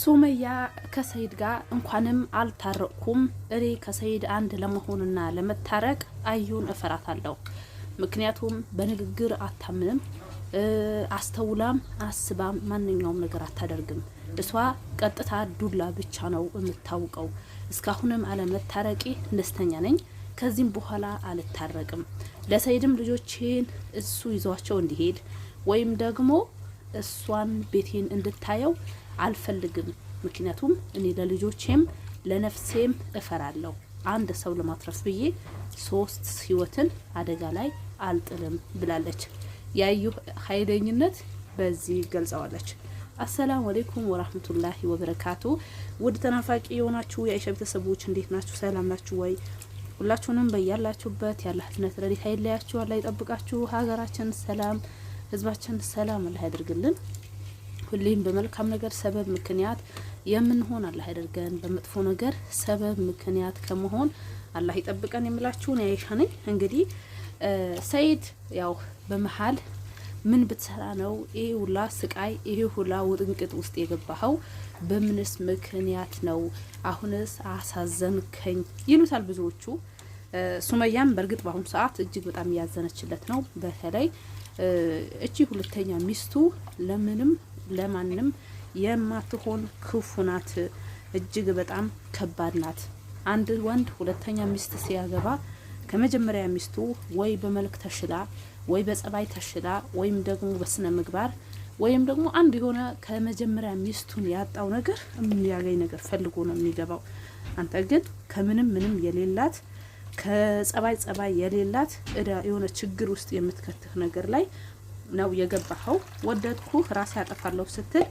ሱመያ ከሰይድ ጋር እንኳንም አልታረቅኩም፣ እኔ ከሰይድ አንድ ለመሆንና ለመታረቅ አዩን እፈራታለሁ። ምክንያቱም በንግግር አታምንም፣ አስተውላም አስባም ማንኛውም ነገር አታደርግም። እሷ ቀጥታ ዱላ ብቻ ነው የምታውቀው። እስካሁንም አለመታረቂ ደስተኛ ነኝ። ከዚህም በኋላ አልታረቅም። ለሰይድም ልጆችን እሱ ይዟቸው እንዲሄድ ወይም ደግሞ እሷን ቤቴን እንድታየው አልፈልግም። ምክንያቱም እኔ ለልጆቼም ለነፍሴም እፈራለሁ። አንድ ሰው ለማትረፍ ብዬ ሶስት ህይወትን አደጋ ላይ አልጥልም ብላለች። ያዩ ኃይለኝነት በዚህ ገልጸዋለች። አሰላሙ አሌይኩም ወራህመቱላሂ ወበረካቱ። ውድ ተናፋቂ የሆናችሁ የአይሻ ቤተሰቦች እንዴት ናችሁ? ሰላም ናችሁ ወይ? ሁላችሁንም በያላችሁበት ያለ ረዲት ኃይል ላያችሁ ይጠብቃችሁ። ሀገራችን ሰላም፣ ህዝባችን ሰላም አላ ያደርግልን። ሁሌም በመልካም ነገር ሰበብ ምክንያት የምንሆን አላህ ያደርገን። በመጥፎ ነገር ሰበብ ምክንያት ከመሆን አላህ ይጠብቀን። የምላችሁን ያይሻ ነኝ። እንግዲህ ሰይድ ያው በመሀል ምን ብትሰራ ነው ይሄ ሁላ ስቃይ ይሄ ሁላ ውጥንቅጥ ውስጥ የገባኸው? በምንስ ምክንያት ነው? አሁንስ አሳዘንከኝ ይሉታል ብዙዎቹ። ሱመያም በእርግጥ በአሁኑ ሰዓት እጅግ በጣም እያዘነችለት ነው። በተለይ እቺ ሁለተኛ ሚስቱ ለምንም ለማንም የማትሆን ክፉ ናት። እጅግ በጣም ከባድ ናት። አንድ ወንድ ሁለተኛ ሚስት ሲያገባ ከመጀመሪያ ሚስቱ ወይ በመልክ ተሽላ ወይ በጸባይ ተሽላ ወይም ደግሞ በስነ ምግባር ወይም ደግሞ አንድ የሆነ ከመጀመሪያ ሚስቱን ያጣው ነገር የሚያገኝ ነገር ፈልጎ ነው የሚገባው። አንተ ግን ከምንም ምንም የሌላት ከጸባይ ጸባይ የሌላት እዳ የሆነ ችግር ውስጥ የምትከትህ ነገር ላይ ነው የገባኸው። ወደድኩህ ራሴ ያጠፋለሁ ስትል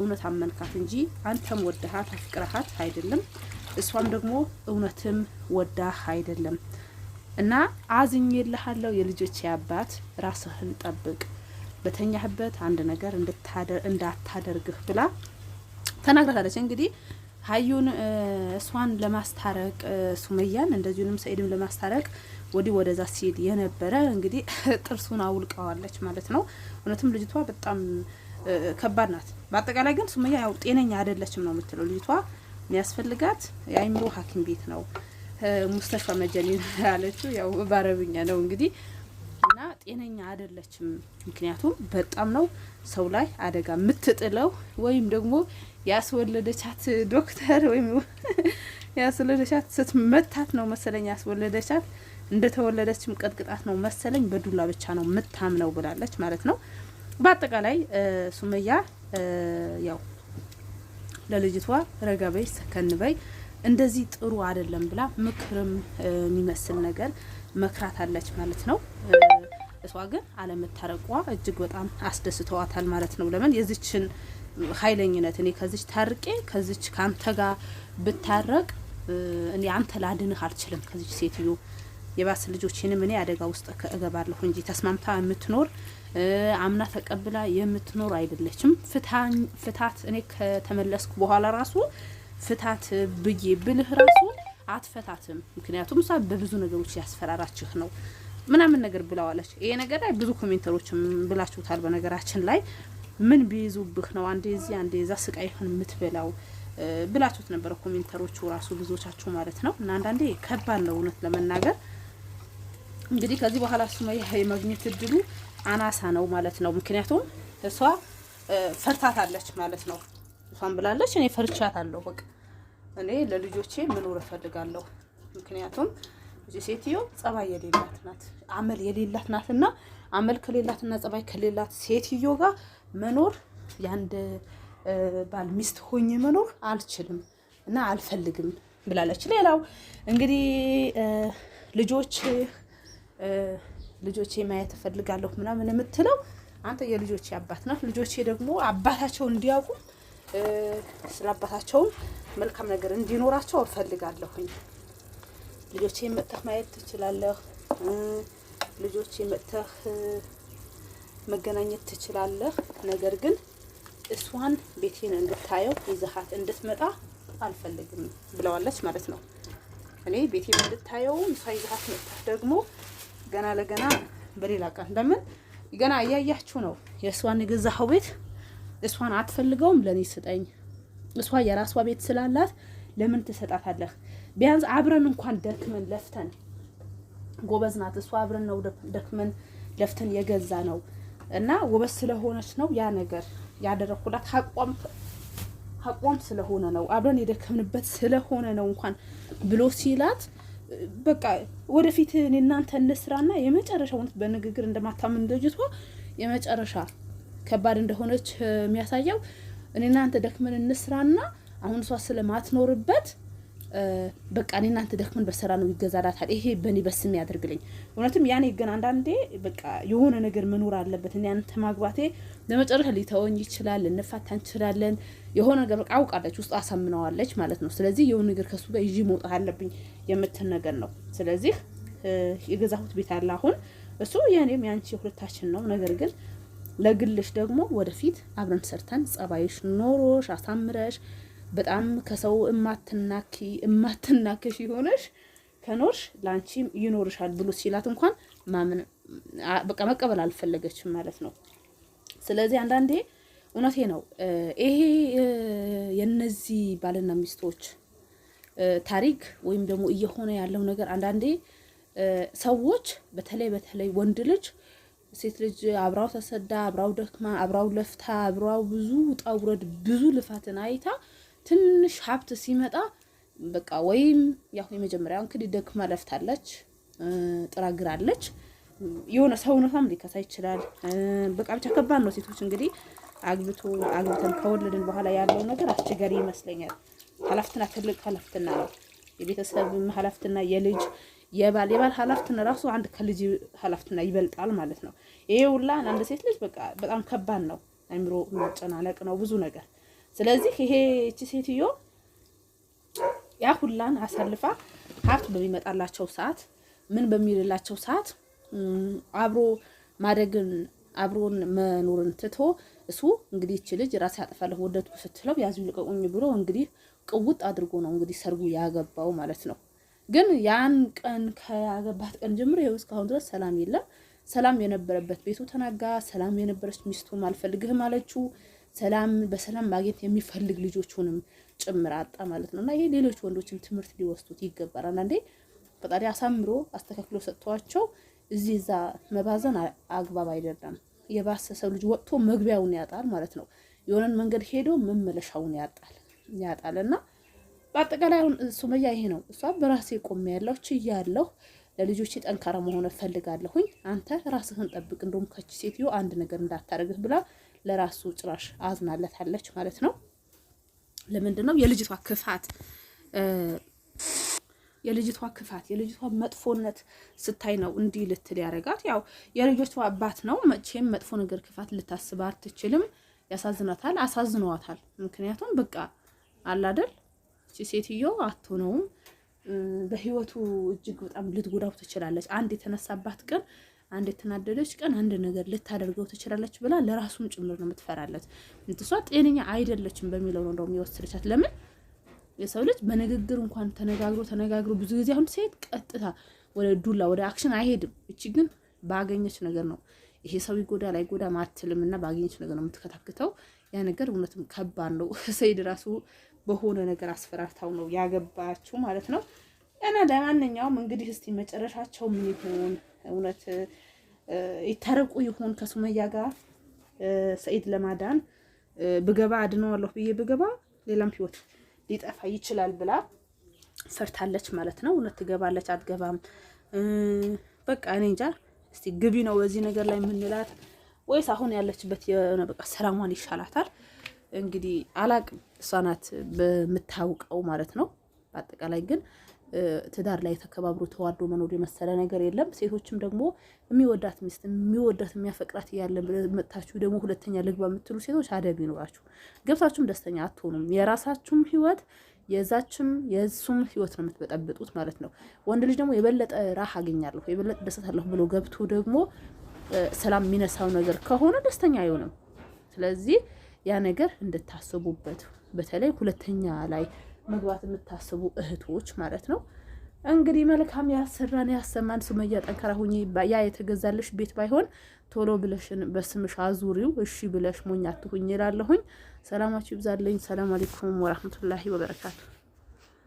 እውነት አመንካት እንጂ አንተም ወደሃት አፍቅረሃት አይደለም፣ እሷም ደግሞ እውነትም ወዳህ አይደለም። እና አዝኜልሃለሁ የልጆች አባት፣ ራስህን ጠብቅ፣ በተኛህበት አንድ ነገር እንዳታደርግህ ብላ ተናግራታለች። እንግዲህ ሀዩን እሷን ለማስታረቅ ሱመያን እንደዚሁንም ሰኢድም ለማስታረቅ ወዲህ ወደዛ ሲል የነበረ እንግዲህ ጥርሱን አውልቀዋለች ማለት ነው። እውነትም ልጅቷ በጣም ከባድ ናት። በአጠቃላይ ግን ሱመያ ያው ጤነኛ አይደለችም ነው የምትለው ልጅቷ። የሚያስፈልጋት የአይምሮ ሐኪም ቤት ነው ሙስተሻ መጀኒ ያለችው ያው ባረብኛ ነው እንግዲህ እና ጤነኛ አይደለችም። ምክንያቱም በጣም ነው ሰው ላይ አደጋ የምትጥለው ወይም ደግሞ ያስወለደቻት ዶክተር ወይም ያስወለደቻት ስትመታት ነው መሰለኝ ያስወለደቻት። እንደተወለደችም ቀጥቅጣት ነው መሰለኝ በዱላ ብቻ ነው ምታምነው ብላለች ማለት ነው። በአጠቃላይ ሱመያ ያው ለልጅቷ ረጋበይ ሰከንበይ እንደዚህ ጥሩ አይደለም ብላ ምክርም የሚመስል ነገር መክራት አለች ማለት ነው። እሷ ግን አለመታረቋ እጅግ በጣም አስደስተዋታል ማለት ነው። ለምን የዚችን ኃይለኝነት እኔ ከዚች ታርቄ ከዚች ከአንተ ጋር ብታረቅ እኔ አንተ ላድንህ አልችልም ከዚች ሴትዮ የባስ ልጆችንም እኔ አደጋ ውስጥ እገባለሁ እንጂ ተስማምታ የምትኖር አምና ተቀብላ የምትኖር አይደለችም። ፍታት እኔ ከተመለስኩ በኋላ ራሱ ፍታት ብዬ ብልህ ራሱ አትፈታትም። ምክንያቱም እሷ በብዙ ነገሮች ያስፈራራችህ ነው ምናምን ነገር ብለዋለች። ይሄ ነገር ላይ ብዙ ኮሜንተሮችም ብላችሁታል። በነገራችን ላይ ምን ቢይዙብህ ነው አንዴ እዚህ አንዴ እዛ ስቃይ የምትበላው ብላችሁት ነበረ ኮሜንተሮቹ ራሱ ብዙዎቻችሁ ማለት ነው። እና አንዳንዴ ከባድ ነው እውነት ለመናገር እንግዲህ ከዚህ በኋላ ሱመያ የማግኘት እድሉ አናሳ ነው ማለት ነው። ምክንያቱም እሷ ፈርታታለች ማለት ነው። እሷን ብላለች፣ እኔ ፈርቻታለሁ። በቃ እኔ ለልጆቼ መኖር እፈልጋለሁ። ምክንያቱም እዚህ ሴትዮ ጸባይ የሌላት ናት፣ አመል የሌላት ናትና አመል ከሌላትና ጸባይ ከሌላት ሴትዮ ጋር መኖር ያንድ ባል ሚስት ሆኜ መኖር አልችልም እና አልፈልግም ብላለች። ሌላው እንግዲህ ልጆች ልጆቼ ማየት እፈልጋለሁ ምናምን የምትለው አንተ የልጆቼ አባት ነው። ልጆቼ ደግሞ አባታቸውን እንዲያውቁ ስለ አባታቸውም መልካም ነገር እንዲኖራቸው እፈልጋለሁኝ። ልጆቼ መጥተህ ማየት ትችላለህ። ልጆቼ መጥተህ መገናኘት ትችላለህ። ነገር ግን እሷን ቤቴን እንድታየው ይዘሃት እንድትመጣ አልፈልግም ብለዋለች ማለት ነው። እኔ ቤቴን እንድታየው እሷ ይዘሃት መጣ ደግሞ ገና ለገና በሌላ ቀን ለምን ገና እያያችሁ ነው። የእሷን የገዛኸው ቤት እሷን አትፈልገውም፣ ለእኔ ስጠኝ። እሷ የራሷ ቤት ስላላት ለምን ትሰጣታለህ? ቢያንስ አብረን እንኳን ደክመን ለፍተን ጎበዝ ናት እሷ። አብረን ነው ደክመን ለፍተን የገዛ ነው እና ጎበዝ ስለሆነች ነው ያ ነገር ያደረኩላት ሀቋም ስለሆነ ነው አብረን የደከምንበት ስለሆነ ነው እንኳን ብሎ ሲላት በቃ ወደፊት እናንተ እንስራና የመጨረሻ እውነት በንግግር እንደማታምን ልጅቷ የመጨረሻ ከባድ እንደሆነች የሚያሳየው እኔ እናንተ ደክመን እንስራና አሁን እሷ ስለማትኖርበት በቃ እኔ እናንተ ደክመን በሰራ ነው ይገዛላታል። ይሄ በእኔ በስሜ ያደርግልኝ እውነትም ያኔ ግን አንዳንዴ በቃ የሆነ ነገር መኖር አለበት። እኔ አንተ ማግባቴ ለመጨረሻ ሊተወኝ ይችላል፣ ልንፋታ እንችላለን። የሆነ ነገር በቃ አውቃለች፣ ውስጥ አሳምነዋለች ማለት ነው። ስለዚህ የሆነ ነገር ከሱ ጋር ይዤ መውጣት አለብኝ የምትል ነገር ነው። ስለዚህ የገዛሁት ቤት አለ አሁን እሱ የእኔም የአንቺ የሁለታችን ነው። ነገር ግን ለግልሽ ደግሞ ወደፊት አብረን ሰርተን ጸባይሽ ኖሮሽ አሳምረሽ በጣም ከሰው እማትናኪ እማትናከሽ የሆነሽ ከኖርሽ ለአንቺም ይኖርሻል ብሎ ሲላት እንኳን ማምን በቃ መቀበል አልፈለገችም ማለት ነው። ስለዚህ አንዳንዴ እውነቴ ነው ይሄ የነዚህ ባልና ሚስቶች ታሪክ ወይም ደግሞ እየሆነ ያለው ነገር አንዳንዴ ሰዎች በተለይ በተለይ ወንድ ልጅ ሴት ልጅ አብራው ተሰዳ፣ አብራው ደክማ፣ አብራው ለፍታ፣ አብራው ብዙ ውጣ ውረድ፣ ብዙ ልፋትን አይታ ትንሽ ሀብት ሲመጣ በቃ ወይም ያው የመጀመሪያ እንግዲህ ደክማ ለፍታለች፣ ጥራግራለች፣ የሆነ ሰውነቷም ሊከሳ ይችላል። በቃ ብቻ ከባድ ነው። ሴቶች እንግዲህ አግብቶ አግብተን ከወለድን በኋላ ያለው ነገር አስቸጋሪ ይመስለኛል። ሀላፍትና ትልቅ ሀላፍትና ነው። የቤተሰብ ሀላፍትና የልጅ የባል የባል ሀላፍትና ራሱ አንድ ከልጅ ሀላፍትና ይበልጣል ማለት ነው። ይሄ ሁላ አንድ ሴት ልጅ በቃ በጣም ከባድ ነው። አይምሮ መጨናነቅ ነው ብዙ ነገር ስለዚህ ይሄ እቺ ሴትዮ ያ ሁላን አሳልፋ ሀብት በሚመጣላቸው ሰዓት ምን በሚልላቸው ሰዓት አብሮ ማደግን አብሮን መኖርን ትቶ እሱ እንግዲህ እቺ ልጅ ራሴ ያጠፋለሁ ወደቱ ስትለው ያዙ ልቀቁኝ ብሎ እንግዲህ ቅውጥ አድርጎ ነው እንግዲህ ሰርጉ ያገባው ማለት ነው። ግን ያን ቀን ከያገባት ቀን ጀምሮ ይኸው እስካሁን ድረስ ሰላም የለም። ሰላም የነበረበት ቤቱ ተናጋ። ሰላም የነበረች ሚስቱም አልፈልግህም አለችው። ሰላም በሰላም ማግኘት የሚፈልግ ልጆቹንም ጭምር አጣ ማለት ነው። እና ይሄ ሌሎች ወንዶችም ትምህርት ሊወስዱት ይገባል። አንዳንዴ ፈጣሪ አሳምሮ አስተካክሎ ሰጥቷቸው እዚህ እዛ መባዘን አግባብ አይደለም። የባሰ ሰው ልጅ ወጥቶ መግቢያውን ያጣል ማለት ነው። የሆነን መንገድ ሄዶ መመለሻውን ያጣል ያጣል እና በአጠቃላይ አሁን ሱመያ ይሄ ነው እሷ በራሴ ቆሜ ያለው ችያለሁ ለልጆች ጠንካራ መሆን እፈልጋለሁኝ። አንተ ራስህን ጠብቅ፣ እንደውም ከች ሴትዮ አንድ ነገር እንዳታደርግህ ብላ ለራሱ ጭራሽ አዝናለታለች ማለት ነው። ለምንድን ነው የልጅቷ ክፋት የልጅቷ ክፋት የልጅቷ መጥፎነት ስታይ ነው እንዲህ ልትል ያደረጋት። ያው የልጆቿ አባት ነው መቼም መጥፎ ነገር ክፋት ልታስብ አትችልም። ያሳዝናታል፣ አሳዝነዋታል። ምክንያቱም በቃ አላደል ሴትዮ አትሆነውም በህይወቱ እጅግ በጣም ልትጎዳው ትችላለች። አንድ የተነሳባት ቀን አንድ የተናደደች ቀን አንድ ነገር ልታደርገው ትችላለች ብላ ለራሱም ጭምር ነው የምትፈራለት። እንትሷ ጤነኛ አይደለችም በሚለው ነው እንደውም የወሰደቻት። ለምን የሰው ልጅ በንግግር እንኳን ተነጋግሮ ተነጋግሮ ብዙ ጊዜ አሁን ሴት ቀጥታ ወደ ዱላ ወደ አክሽን አይሄድም። እቺ ግን ባገኘች ነገር ነው ይሄ ሰው ይጎዳ ላይ ጎዳ ማትልም እና ባገኘች ነገር ነው የምትከታክተው። ያ ነገር እውነትም ከባድ ነው። ሰይድ ራሱ በሆነ ነገር አስፈራርታው ነው ያገባችው ማለት ነው። እና ለማንኛውም እንግዲህ እስቲ መጨረሻቸው ምን ይሆን እውነት ይታረቁ ይሆን ከሱመያ ጋር ሰኢድ ለማዳን ብገባ አድነዋለሁ ብዬ ብገባ ሌላም ህይወት ሊጠፋ ይችላል ብላ ፈርታለች ማለት ነው። እውነት ትገባለች አትገባም? በቃ እኔ እንጃ። እስቲ ግቢ ነው በዚህ ነገር ላይ የምንላት ወይስ አሁን ያለችበት የሆነ በቃ ሰላሟን ይሻላታል? እንግዲህ አላቅም እሷናት በምታውቀው ማለት ነው። በአጠቃላይ ግን ትዳር ላይ ተከባብሮ ተዋዶ መኖር የመሰለ ነገር የለም። ሴቶችም ደግሞ የሚወዳት ሚስት የሚወዳት የሚያፈቅራት እያለን መጥታችሁ ደግሞ ሁለተኛ ልግባ የምትሉ ሴቶች አደብ ይኖራችሁ። ገብታችሁም ደስተኛ አትሆኑም። የራሳችሁም ህይወት የዛችም የእሱም ህይወት ነው የምትበጠብጡት ማለት ነው። ወንድ ልጅ ደግሞ የበለጠ ራህ አገኛለሁ የበለጠ አለሁ ብሎ ገብቶ ደግሞ ሰላም የሚነሳው ነገር ከሆነ ደስተኛ አይሆንም። ስለዚህ ያ ነገር እንድታስቡበት በተለይ ሁለተኛ ላይ መግባት የምታስቡ እህቶች ማለት ነው። እንግዲህ መልካም ያሰራን ያሰማን። ሱመያ ጠንካራ ሁኚ። ያ የተገዛልሽ ቤት ባይሆን ቶሎ ብለሽን በስምሽ አዙሪው። እሺ ብለሽ ሞኝ አትሁኝ ይላለሁኝ። ሰላማችሁ ይብዛለኝ። ሰላም አለይኩም ወራህመቱላሂ ወበረካቱ።